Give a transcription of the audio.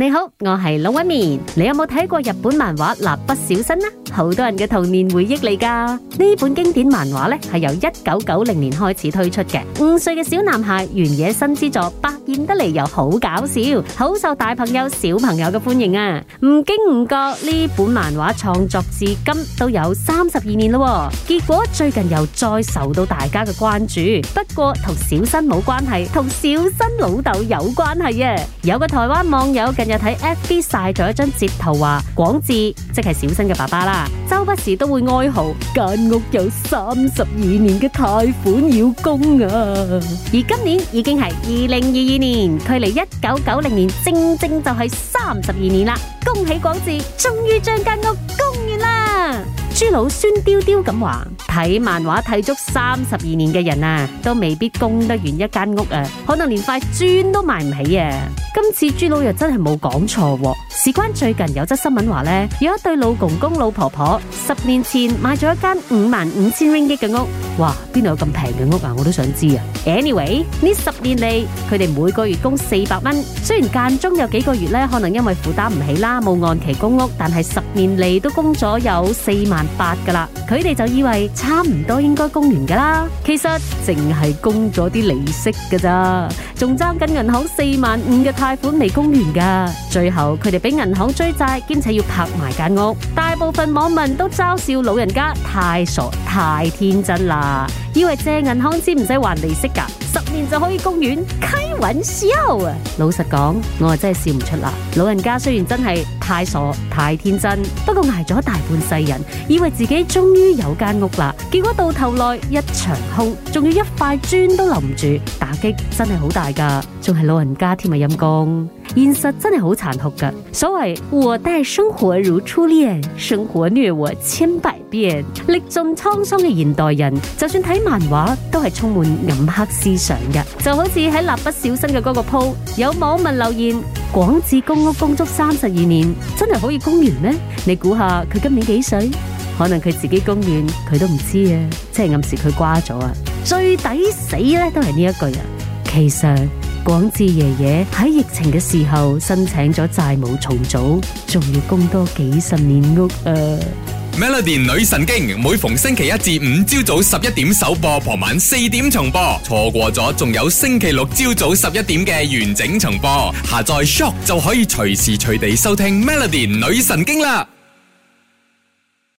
你好，我係龍紋敏。你有冇睇過日本漫畫《蠟筆小新》啊？好多人嘅童年回憶嚟噶。呢本經典漫畫咧係由一九九零年開始推出嘅。五歲嘅小男孩野原新之助，百厭得嚟又好搞笑，好受大朋友小朋友嘅歡迎啊！唔經唔覺呢本漫畫創作至今都有三十二年咯，結果最近又再受到大家嘅關注。不過同小新冇關係，同小新老豆有關係啊！有個台灣網友嘅。又睇 FB 晒咗一張截圖，話廣智即係小新嘅爸爸啦，周不時都會哀嚎，間屋有三十二年嘅貸款要供啊，而今年已經係二零二二年，距離一九九零年正正就係三十二年啦，恭喜廣智終於將間屋供完啦，朱老孫雕雕咁話。睇漫畫睇足三十二年嘅人啊，都未必供得完一間屋啊，可能連塊磚都買唔起啊！今次朱老友真係冇講錯喎，事關最近有則新聞話呢，有一對老公公老婆婆十年前買咗一間五萬五千蚊億嘅屋，哇！邊度有咁平嘅屋啊？我都想知啊！Anyway，呢十年嚟佢哋每個月供四百蚊，雖然間中有幾個月呢，可能因為負擔唔起啦，冇按期供屋，但係十年嚟都供咗有四萬八噶啦，佢哋就以為。差唔多應該供完噶啦，其實淨係供咗啲利息噶咋，仲爭緊銀行四萬五嘅貸款未供完噶，最後佢哋俾銀行追債，兼且要拍埋間屋，大部分網民都嘲笑老人家太傻太天真啦。以為借銀行錢唔使還利息噶，十年就可以公園溪雲燒啊！老實講，我啊真係笑唔出啦。老人家雖然真係太傻太天真，不過捱咗大半世人，以為自己終於有間屋啦，結果到頭來一場空，仲要一塊磚都留唔住，打擊真係好大噶，仲係老人家添啊陰功。現實真係好殘酷噶，所謂我待生活如初戀，生活虐我千百遍，歷盡滄桑嘅現代人，就算睇漫畫都係充滿暗黑思想嘅。就好似喺蠟筆小新嘅嗰個 po，有網民留言：廣志公屋供足三十二年，真係可以供完咩？你估下佢今年幾歲？可能佢自己供完佢都唔知啊，即係暗示佢瓜咗啊。最抵死呢都係呢一個人，其實。廣智爺爺喺疫情嘅時候申請咗債務重組，仲要供多幾十年屋啊！Melody 女神經每逢星期一至五朝早十一點首播，傍晚四點重播，錯過咗仲有星期六朝早十一點嘅完整重播。下載 Shock 就可以隨時隨地收聽 Melody 女神經啦！